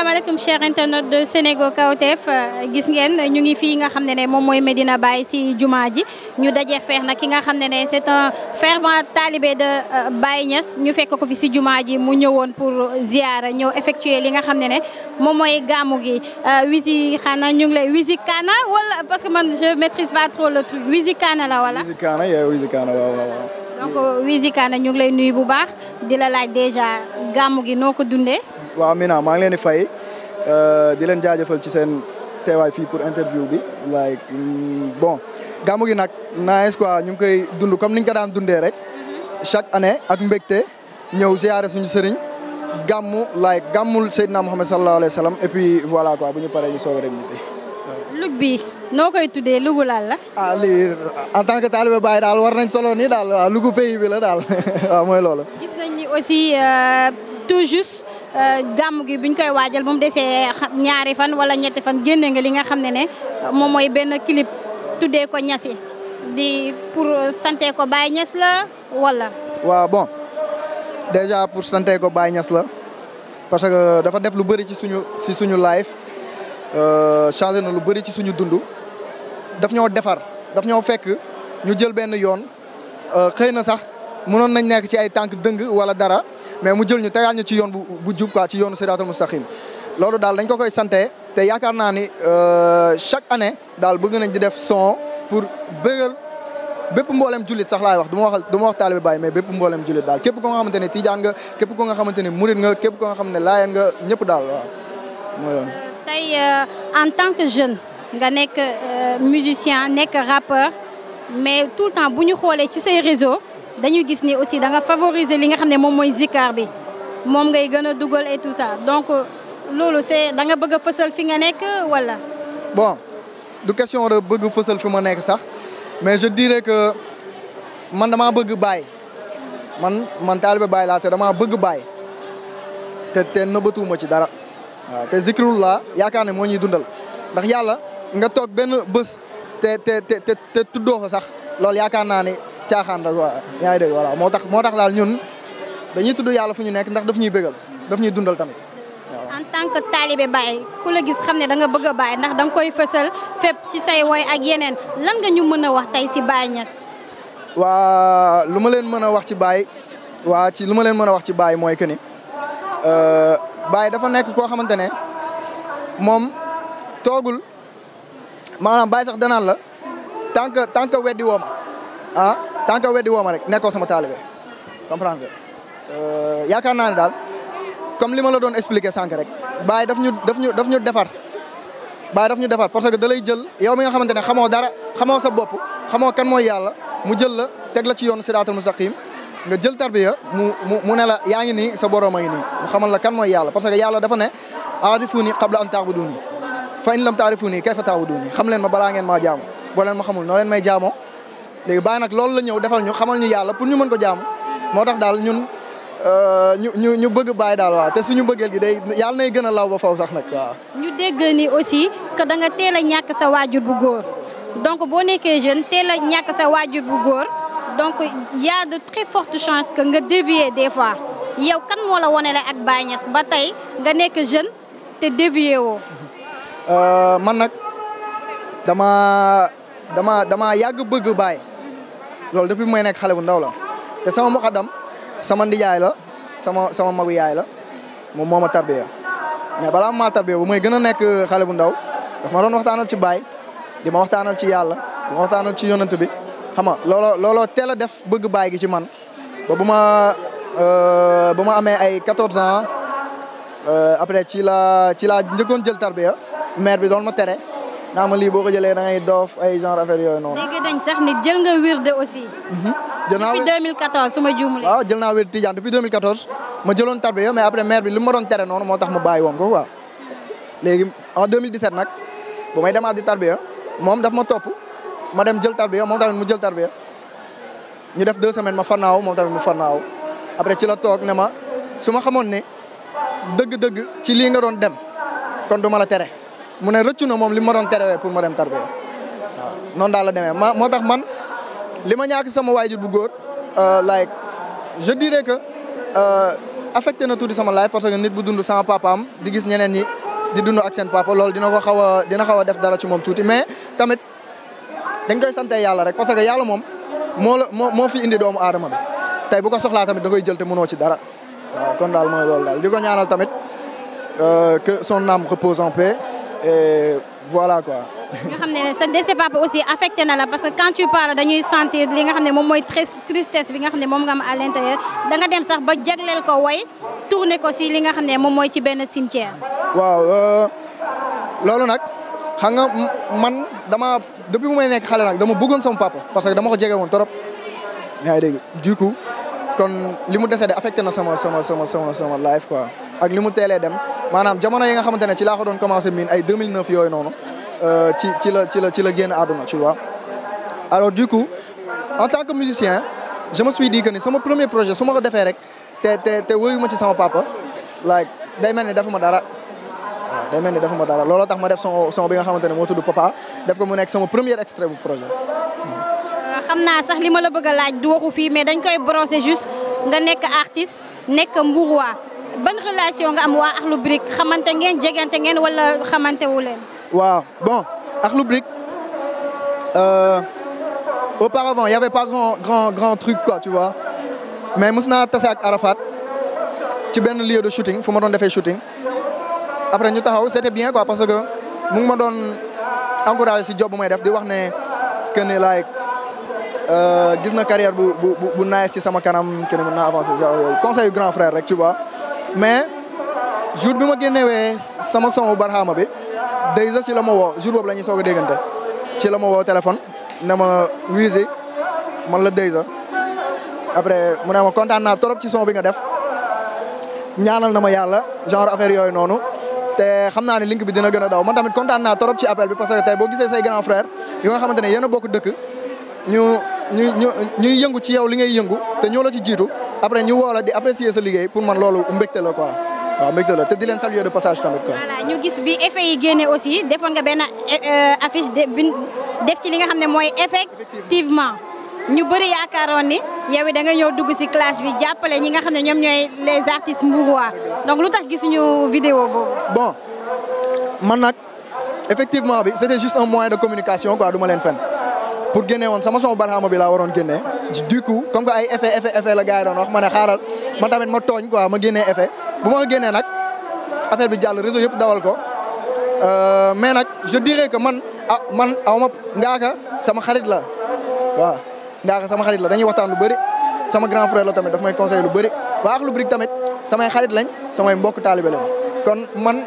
asalaamaaleykum chers internautes de Sénégo Kawtef euh, gis ngeen ñu ngi fii nga xam ne ne moom mooy Medina Baye si juma ji ñu dajee feex na ki nga xam ne ne c'est un fervent talibé de euh, Baye ñas ñu fekk ko fi si juma ji mu ñëwoon pour ziara ñëw effectuer li nga xam ne ne moom mooy gàmmu gi euh, wisi xana ñu ngi lay wisi kaana wala parce que man je maîtrise pas trop le truc wisi kaana la wala wisi kaana yaa wisi kaana donc wisi kaana ñu ngi lay nuyu bu baax di la laaj déjà gàmmu gi noo ko dundee waaw Amina maa ngi leen fay euh, di leen jaajëfal ci seen teewaay fii pour interview bi like mm, bon gàmmu gi nag nice quoi ñu ngi koy dund comme niñ ko daan dundee rek mhm. chaque année ak mbegte ñëw ziare suñu sëriñ gàmmu like gàmmul Seydina Mohamed sallallahu alayhi wa sallam et puis voilà quoi bu ñu paree ñu soog a dem ñu noo koy tuddee lugu laal la. ah lii en tant que taalibe Baay daal war nañ solo nii daal waaw lugu pays bi la daal waaw mooy loolu. Euh, gàmm gi biñ koy waajal bu mu desee ñaari fan wala ñetti fan génne nga li nga xam ne ne moom mooy benn clip tuddee ko ñasi di pour sante ko Baye Niass la wala. waaw bon déjà pour sante ko Baye Niass la parce que dafa def lu bëri ci suñu ci suñu life euh, changé na lu bëri ci suñu dund daf ñoo defar daf ñoo fekk ñu jël benn yoon euh, xëy na sax mënoon nañ nekk ci ay tànk dëng wala dara. mais mu jël ñu tegaat ñu ci yoon bu bu jub quoi ci yoonu siraatul mustaqim loolu daal dañ ko koy sante te yaakaar naa ni euh, chaque année daal bëgg nañ di def son pour bëggal bépp mboolem jullit sax laay wax du ma wax du ma wax taalibe Baay mais bépp mboolem jullit daal képp ko nga xamante ne tijaan nga képp ko nga xamante ne murit nga képp ko nga xam ne nga ñëpp daal waaw mooy loolu. tey euh, en tant que jeune nga nekk euh, musicien nekk rappeur mais tout le temps bu ñu xoolee ci say réseau. dañuy gis ni aussi da nga favoriser li nga xam ne moom mooy zikar bi moom ngay gën a dugal et tout ça donc loolu c'est da nga bëgg a fësal fi nga nekk wala. bon du question de bëgg fësal fi ma nekk sax mais je dirais que man damaa bëgg Baay man man taalibe Baay laa te damaa bëgg Baay te te nëbbatuwuma ci dara waaw te zikrullah yaakaar ne moo ñuy dundal ndax yàlla nga toog benn bës te te sax loolu yaakaar naa ne. caaxaan la quoi yaa moo tax moo tax daal ñun dañuy tudd yàlla fu ñu nekk ndax daf ñuy bégal daf ñuy dundal tamit en tant que taalibe Baye ku la gis xam ne da nga bëgg a Baye ndax danga koy fësal fépp ci say woy ak yeneen lan nga ñu mën a wax tey si Baye Niass waa lu ma leen mën a wax ci baay waa ci lu ma leen mën a wax ci Baye mooy que ni euh, Baye dafa nekk koo xamante ne moom toogul maanaam Baye sax danaan la tant que tant que weddi woom tant que weddi woo ma rek nekkoo sama taalibe euh, yaakaar naa ne daal comme li ma la doon expliquer sànq rek Baye daf ñu daf ñu daf ñu defar Baye daf ñu defar parce que da lay jël yow mi nga xamante ne xamoo dara xamoo sa bopp xamoo kan mooy yàlla mu jël la teg la ci yoonu siraatal mustaqim nga jël tarbiya mu mu mu ne la yaa ngi nii sa borom a ngi nii mu xamal la kan mooy yàlla parce que yàlla dafa ne aarifuuni qabla an taabuduuni fa in lam taarifuuni kayfa taabuduuni xam leen ma balaa ngeen maa léegi bàyyi nag loolu la ñëw defal ñu xamal ñu yàlla pour ñu mën ko jaam moo tax daal ñun euh, ñu ñu ñu bëgg bàyyi daal waaw te suñu bëggeel gi day yàlla nay gën a law ba faw sax nag waaw. ñu dégg ni aussi que da nga teel a ñàkk sa waajur bu góor donc boo nekkee jeune teel a ñàkk sa waajur bu góor donc y a de très fortes chances que nga dévier des fois yow kan moo la wone la ak Baye Niass ba tey nga nekk jeune te dévier woo. Euh, man nag dama dama dama yàgg bëgg Baye. loolu depuis may nekk xale bu ndaw la te sama muqaddam sama ndijaay la sama sama magu yaay la moom moo ma tarbiya mais balaa maa tarbiya bu may gën a nekk xale bu ndaw daf ma doon waxtaanal ci baay di ma waxtaanal ci yàlla di ma waxtaanal ci yonent bi xam nga looloo looloo teel a def bëgg baay gi ci man ba bu ma euh, ba ma amee ay 14 ans euh, après ci la ci laa njëkkoon jël tarbiya mère bi doon ma tere. naa xam lii boo ko jëlee da ngay doof ay genre yooyu noonu. dégg nañ sax ni jël nga wirde aussi. Mhm. jël naa depuis 2014 su ma juumlee. waaw depuis ma jëloon tarbiya mais après maire bi li ma doon tere noonu moo tax ma bàyyi woon ko quoi. léegi en 2017 nag bu may demaat di tarbiya moom daf ma topp ma dem jël tarbiya moom tamit mu jël tarbiya ñu def deux semaines ma fannaaw moom tamit mu fannaaw après ci la toog ne ma su ma xamoon ne dëgg-dëgg ci lii nga doon dem kon du ma la tere. mu ne rëccu na moom li ma doon terewee pour ma dem tarbe waaw daal la demee ma moo tax man li ma ñàkk sama waajur bu góor euh, like je dirais que euh, affecté na tuuti sama life parce que nit bu dund sama papaam di gis ñeneen ñi di dund ak seen papa loolu dina ko xaw a dina a def dara ci moom tuuti mais tamit dañ koy sante yàlla rek parce que yàlla moom moo la moo moo fi indi doomu aadama bi tey bu ko soxlaa tamit da koy jël te mënoo ci dara kon daal mooy loolu daal di ko ñaanal tamit euh, que son âme repose et voilà quoi. nga xam ne sa décès papa aussi affecté na la parce que quand tu parles dañuy sentir li nga xam ne moom mooy tristesse bi nga xam ne moom nga am à l'intérieur da nga dem sax ba jagleel ko way tourner ko si li nga xam ne moom mooy ci benn cimetière. waaw euh, loolu nag xam nga man dama depuis mu may nekk xale nag dama bëggoon sama papa parce que dama ko jege trop yaa ngi du coup kon li mu décédé affecté na sama sama sama sama life quoi. ak li mu teelee dem maanaam jamono yi nga xamante ne ci laa doon commencé miin ay 2009 yooyu noonu euh, ci ci la ci la ci la génn àdduna tu vois. alors du coup en tant que musicien je me suis dit que sama premier projet su ma defee rek te te te wéyuma ci sama papa like day mel ni defuma dara. waaw day mel ni defuma dara looloo tax ma def son son bi nga xamante ne moo tudd Papa def ko mu nekk sama premier extrait bu projet. Euh, xam naa sax li ma la bëgg a laaj du waxu fii mais dañ koy brosser juste nga nekk artiste nekk mburuwaa ban relation nga am waa Akhlou Brick xamante ngeen jegante ngeen wala xamante wu leen. waaw bon Akhlou Brick euh, auparavant y avait pas grand grand grand truc quoi tu vois mës naa tase ak Arafat ci benn lieu de shooting fu ma doon defee shooting après ñu taxaw c'était bien quoi parce que mu ma doon encouragé si job bu may def di wax ne que ne like euh, gis na carrière bu bu bu nice ci sama kanam que ne mën naa avancer conseil grand frère rek tu mais jour bi ma génnewee sama son barxaama bi déjà ci la ma woo jour boobu la ñuy soog a déggante ci la ma woo téléphone na ma Wizzy man la déjà après mu ne ma kontaan naa trop ci son bi nga def ñaanal na ma yàlla genre affaire yooyu noonu te xam naa ni link bi dina gën a daw man tamit kontaan naa trop ci appel bi parce que tey boo gisee say grand frère yu ne yéen a bokk dëkk ñu ñu ñu ñuy yëngu ci yow li ngay yëngu te ñoo la ci jiitu après ñu woolo la di apprécier sa liggéey pour man loolu mbégte la quoi waaw mbégte la te di leen saluer de passage tamit quoi. voilà ñu gis bi effet yi génne aussi defoon nga benn eh, eh, affiche def ci li nga xam ne mooy effectivement ñu bëri yaakaaroon ni yow da nga ñëw dugg si classe bi jàppale ñi nga xam ne ñoom ñooy les artistes mbourois donc lu tax gisuñu vidéo boobu. bon man nag effectivement bi c'était juste un moyen de communication quoi du leen fen pour génne woon sama son barxaama bi laa waroon génne. du coup comme que ay effet effet la gars yi wax ma ne xaaral ma tamit ma tooñ quoi ma génnee effet bu ma ko génnee affaire bi jàll réseau yëpp dawal ko euh, mais nag je dirais que man a ah, man aw ma ngaaka sama xarit la waaw ngaaka sama xarit la dañuy waxtaan lu bëri sama grand frère la tamit daf may conseil lu bëri waax Akhlou Brick tamit samay xarit lañ samay mbokk taalibe lañ kon man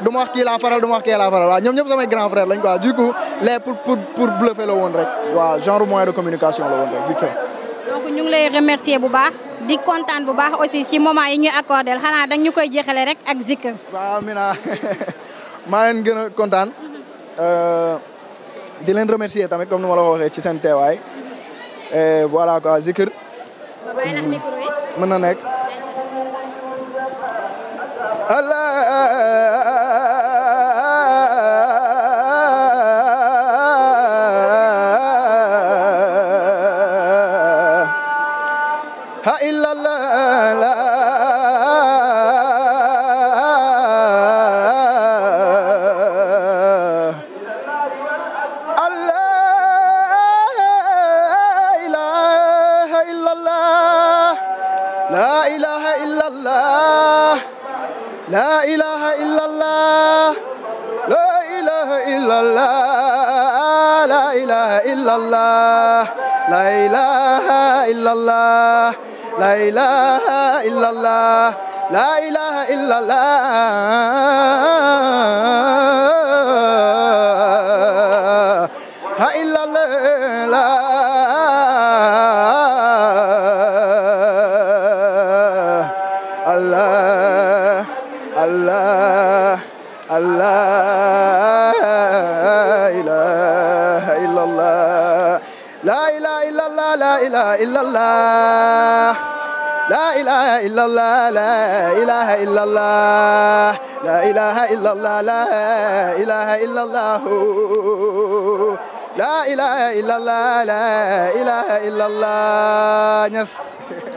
du ma wax kii laa faral du ma wax kii laa faral waaw ñoom ñëpp samay grand frère lañ quoi du coup les pour pour pour la woon rek waaw genre moyen de communication la woon rek vite fait. ñu ngi lay remercier bu baax. di kontaan bu baax aussi ci moment yi ñuy accordé xanaa danga ñu koy jeexale rek ak Zikr. waaw Amina maa leen gën a kontaan euh, di leen remercier tamit comme ni ma la ci seen teewaay voilà quoi Zikr. ba bàyyi إلا الله الله إلا الله لا إله إلا الله لا إله إلا الله لا إله إلا الله لا إله إلا الله لا إله إلا الله la ilaha illallah la ilaha illallah ha illallah la Allah Allah Allah la ilaha illallah ilaha illallah la ilaha illallah la ilaha illallah la ilaha illallah la ilaha illallah la ilaha illallah la ilaha illallah ñas